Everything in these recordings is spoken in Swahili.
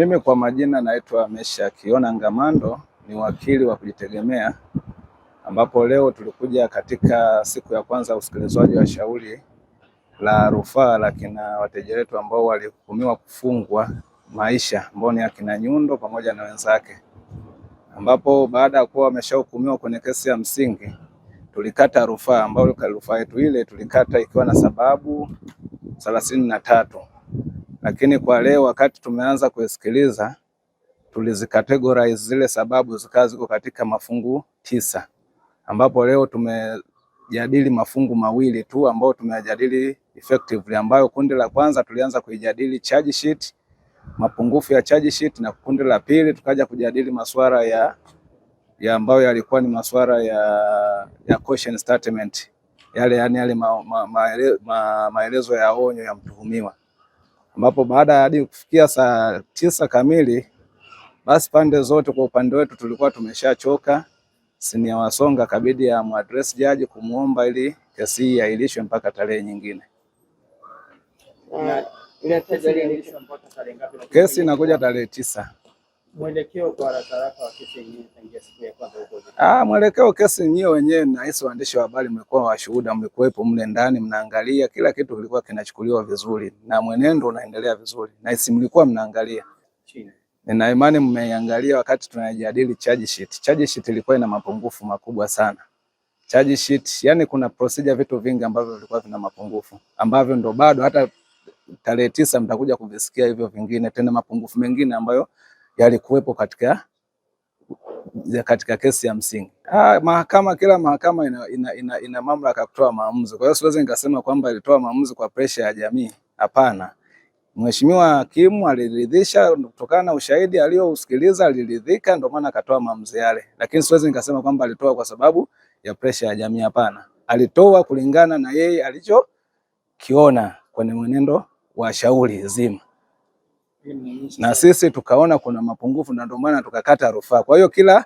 Mimi kwa majina naitwa mesha Kiona Ngamando, ni wakili wa kujitegemea ambapo leo tulikuja katika siku ya kwanza usikilizwaji wa shauri la rufaa la kina wateja wetu ambao walihukumiwa kufungwa maisha ambao ni akina Nyundo pamoja na wenzake, ambapo baada ya kuwa wameshahukumiwa kwenye kesi ya msingi tulikata rufaa, ambayo rufaa yetu ile tulikata ikiwa na sababu thelathini na tatu lakini kwa leo wakati tumeanza kusikiliza, tulizikategorize zile sababu zikawa ziko katika mafungu tisa, ambapo leo tumejadili mafungu mawili tu ambayo tumejadili effectively, ambayo kundi la kwanza tulianza kuijadili charge sheet, mapungufu ya charge sheet, na kundi la pili tukaja kujadili masuala ya ya ambayo yalikuwa ni masuala ya ya caution statement yale, yani yale maelezo ma, ma, ma, ma, ya onyo ya mtuhumiwa ambapo baada ya hadi kufikia saa tisa kamili, basi pande zote kwa upande wetu tulikuwa tumeshachoka. sini ya Wasonga kabidi ya muadresi jaji kumuomba ili kesi hii iahirishwe mpaka tarehe nyingine. Ah, kesi inakuja tarehe tisa. Mwelekeo kwa haraka haraka wa kesi yenyewe tangia siku ya kwanza huko. Ah, mwelekeo kesi yenyewe wenyewe, na hisi waandishi wa habari mlikuwa washuhuda, mlikuwepo mle ndani mnaangalia kila kitu, kilikuwa kinachukuliwa vizuri na mwenendo unaendelea vizuri, na hisi mlikuwa mnaangalia chini Nina imani mmeiangalia wakati tunajadili charge sheet. Charge sheet ilikuwa ina mapungufu makubwa sana. Charge sheet, yani kuna procedure, vitu vingi ambavyo vilikuwa vina mapungufu ambavyo ndo bado hata tarehe tisa mtakuja kuvisikia hivyo vingine tena mapungufu mengine ambayo yalikuwepo katika, ya katika kesi ya msingi. Ah, mahakama kila mahakama ina, ina, ina, ina mamlaka ya kutoa maamuzi. Kwa hiyo siwezi nikasema kwamba ilitoa maamuzi kwa presha ya jamii, hapana. Mheshimiwa hakimu aliridhisha kutokana na ushahidi aliyousikiliza, aliridhika, ndio maana akatoa maamuzi yale, lakini siwezi nikasema kwamba alitoa kwa sababu ya presha ya jamii, hapana. Alitoa kulingana na yeye alichokiona kwenye mwenendo wa shauri zima na sisi tukaona kuna mapungufu na ndio maana tukakata rufaa. Kwa hiyo kila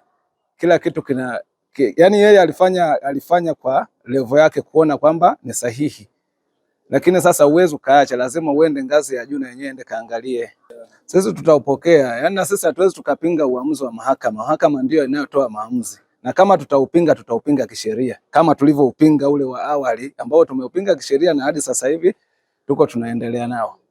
kila kitu kina ki, yani yeye alifanya alifanya kwa levo yake kuona kwamba ni sahihi, lakini sasa uwezo kaacha, lazima uende ngazi ya juu na yenyewe ende kaangalie. Sisi tutaupokea, yani na sisi hatuwezi tukapinga uamuzi wa mahakama. Mahakama ndio inayotoa maamuzi na kama tutaupinga tutaupinga kisheria kama tulivyoupinga ule wa awali ambao tumeupinga kisheria na hadi sasa hivi tuko tunaendelea nao.